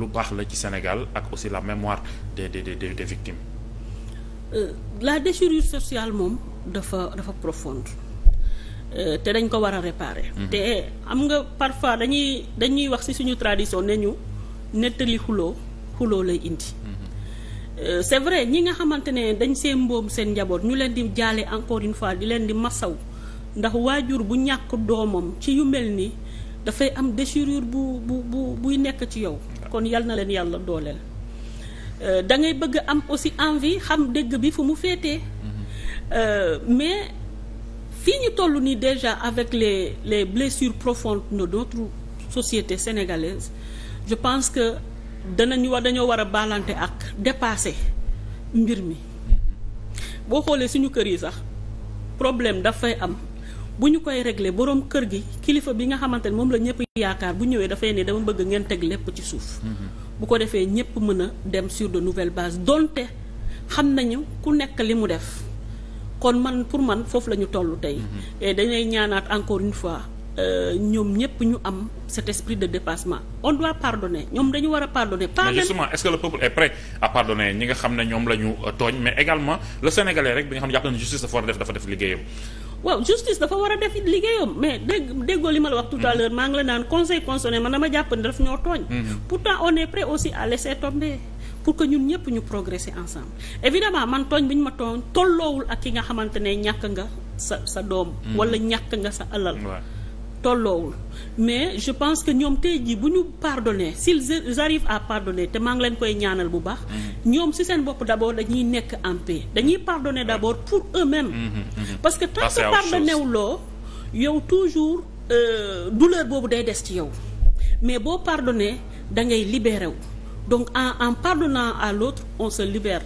lu baax la ci Sénégal ak aussi la mémoire des de de des victimes. Euh, la déchirure sociale moom dafa dafa profonde euh, te dañ ko war a réparer. Mm -hmm. te am nga parfois dañuy dañuy wax ci suñu tradition ne ñu nettali xuloo xuloo lay indi. Mm -hmm. euh, c'est vrai ñi nga xamante ne dañ seen mboom seen njaboot ñu leen di jaale encore une fois di leen di masaw ndax waajur bu ñàkk doomam ci yu mel nii dafay am déchirure bu bu bu buy nekk ci yow. kon yal na leen yàlla dooleel euh, da ngay bëgg am aussi envie xam dégg bi fu mu féetee mm-hmm. euh, mais fii ñu toll nii déjà avec les les blessures profondes de notre société sénégalaise je pense que danañu war dañoo war a balante ak dépasé mbir mi mm-hmm. boo xoolee suñu kër yi sax problème dafay am bu ñu koy régler boroom kër gi kilifa bi nga xamante ne moom la ñëpp yaakaar bu ñëwee dafay ne dama bëgg ngeen teg lépp ci suuf. Mm-hmm. bu ko defee ñëpp mën a dem sur de nouvelles base donte xam nañu ku nekk li mu def kon man pour man foofu la ñu toll tey. Mm-hmm. et dañuy ñaanaat encore une fois. Euh, ñoom ñëpp ñu am cet esprit de dépassement on doit pardonner ñoom dañu war a pardonner. mais justement est-ce a le pardonner ñi nga xam ne ñoom la ñu euh, tooñ mais également le sénégalais rek bi nga xam ne jàpp na justice def dafa def liggéeyam. waaw justice dafa war a def liggéeyam mais dégg déggoo li ma la wax tout à mm-hmm. l'heure maa ngi la naan conseil constitutionnel man dama jàpp ne daf ñoo tooñ mm-hmm. pourtant on est prêt aussi à laisser tomber pour que ñun ñëpp ñu progresser ensemble évidemment man tooñ bi ñu ma tooñ tolloowul ak ki nga xamante ne ñàkk nga sa sa doom mm-hmm. wala ñàkk nga sa alal tolloowul mais je pense que ñoom tey jii bu ñu pardonné s'ils arrivent à pardonner te maa ngi leen koy ñaanal bu baax ñoom si seen bopp d'abord dañuy nekk en paix dañuy pardonner d'abord pour eux-mêmes mm-hmm, mm-hmm. parce que tant que pardonné wu loo yow toujours euh, douleur boobu day des ci yow mais boo pardonné da ngay libéré wu donc en en pardonnant à l'autre on se libère